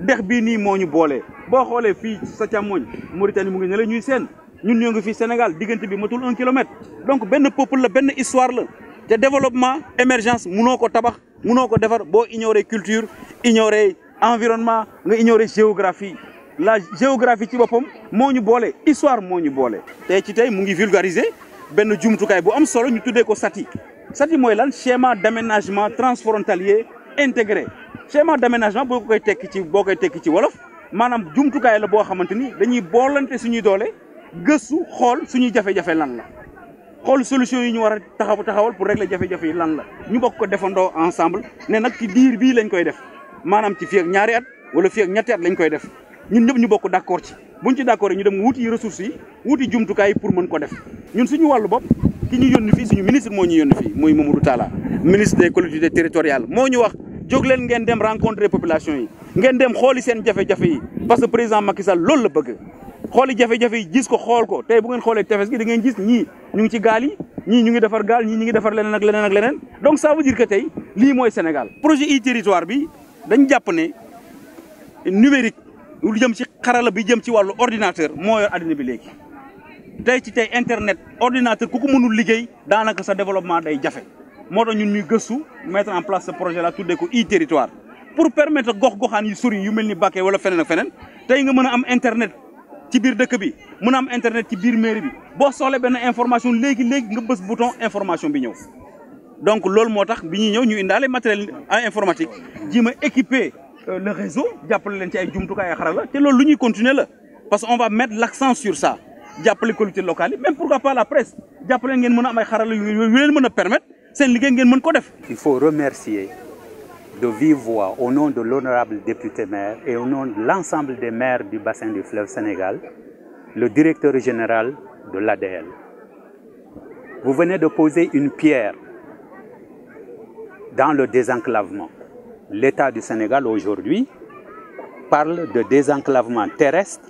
dex bii nii bohole ñu boole boo xoolee fii sa càmmoñ Mauritanie mu ngi ñalé ñuy sen ñun ñu ngi fi Sénégal digënté bi matul un kilomètre donc benn peuple la benn histoire la té développement émergence mëno ko tabax mëno ko defar bo ignorer culture ignorer environnement nga ignorer géographie la géographie ci bopom moñu bolé histoire moñu bolé té ci tay mu ngi vulgariser benn bu am solo ñu tuddé ko SATI SATI moy lan schéma d'aménagement transfrontalier intégré schéma d'aménagement bu koy tekki ci bokay koy tekki ci wolof manam jumtu kay la bo xamanteni dañuy bolante suñu doole geussu xol suñu jafé jafé lan la xol solution yi ñu wara taxaw taxawal pour régler jafé jafé lan la ñu bokk ko defando ensemble né nak ci diir bi lañ koy def manam ci fi ak ñaari at wala fi ak ñetti at lañ koy def ñun ñep ñu bokk d'accord ci buñ ci d'accord ñu dem wuti ressources yi wuti jumtu kay pour mën ko def ñun suñu walu bop ki ñu yoni fi suñu ministre mo ñu yoni fi moy Mamadou tala ministre des collectivités territoriales mo ñu wax jóg ngeen dem rencontrer population yi ngeen dem xoli sen jafé jafé yi parce que président Macky Sall loolu la bëgg xoli jafé jafé yi gis ko xol ko tay bu ngeen xolé tefes gi da ngeen gis ñi ñu ngi ci gal yi ñi ñu ngi défar gal ñi ñi ngi défar leneen ak leneen ak leneen donc ça veut dire que tay li moy Sénégal projet i territoire bi dañ japp né numérique lu jëm ci xarala bi jëm ci walu ordinateur moo yor àddina bi légui tay ci tay internet ordinateur ku ko mënul liggéey daanaka sa développement day jafé moo tax ñun ñuy gëstu mettre en place ce projet là tout tuddee ko e-territoire pour permettre gox-goxaan yu sori yu mel ni Bakel wala fenen ak feneen tey nga mën am internet ci biir dëkk bi mën am internet ci biir mairie bi boo soxlee benn information léegi léegi nga bës bouton information bi ñëw. donc loolu moo tax bi ñuy ñëw ñu indaale matériel informatique ji ma équiper euh, le réseau jàppale leen ci ay jumtukaay ay xarala te loolu lu ñuy continuer la parce qu'on va mettre l'accent sur ça jàppale collectivités locales yi même pourquoi pas la presse jàppale ngeen mën a am ay xarala yu leen mën permettre il faut remercier de vive voix au nom de l'honorable député maire et au nom de l'ensemble des maires du bassin du fleuve Sénégal le directeur général de l'ADL. Vous venez de poser une pierre dans le désenclavement. L'État du Sénégal aujourd'hui parle de désenclavement terrestre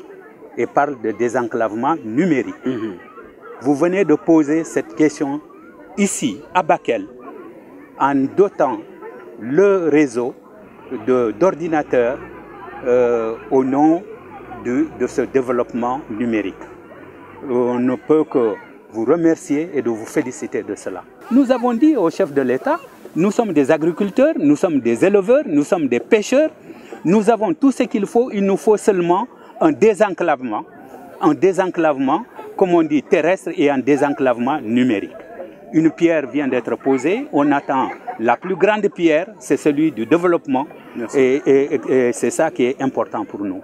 et parle de désenclavement numérique. Mm-hmm. Vous venez de poser cette question ici, à Bakel, en dotant le réseau d'ordinateurs euh, au nom de, de, ce développement numérique. Euh, on ne peut que vous remercier et de vous féliciter de cela. Nous avons dit au chef de l'État, nous sommes des agriculteurs, nous sommes des éleveurs, nous sommes des pêcheurs, nous avons tout ce qu'il faut, il nous faut seulement un désenclavement, un désenclavement, comme on dit, terrestre et un désenclavement numérique une pierre vient d'être posée, on attend la plus grande pierre, c'est celui du développement, et c'est ça qui est important pour nous.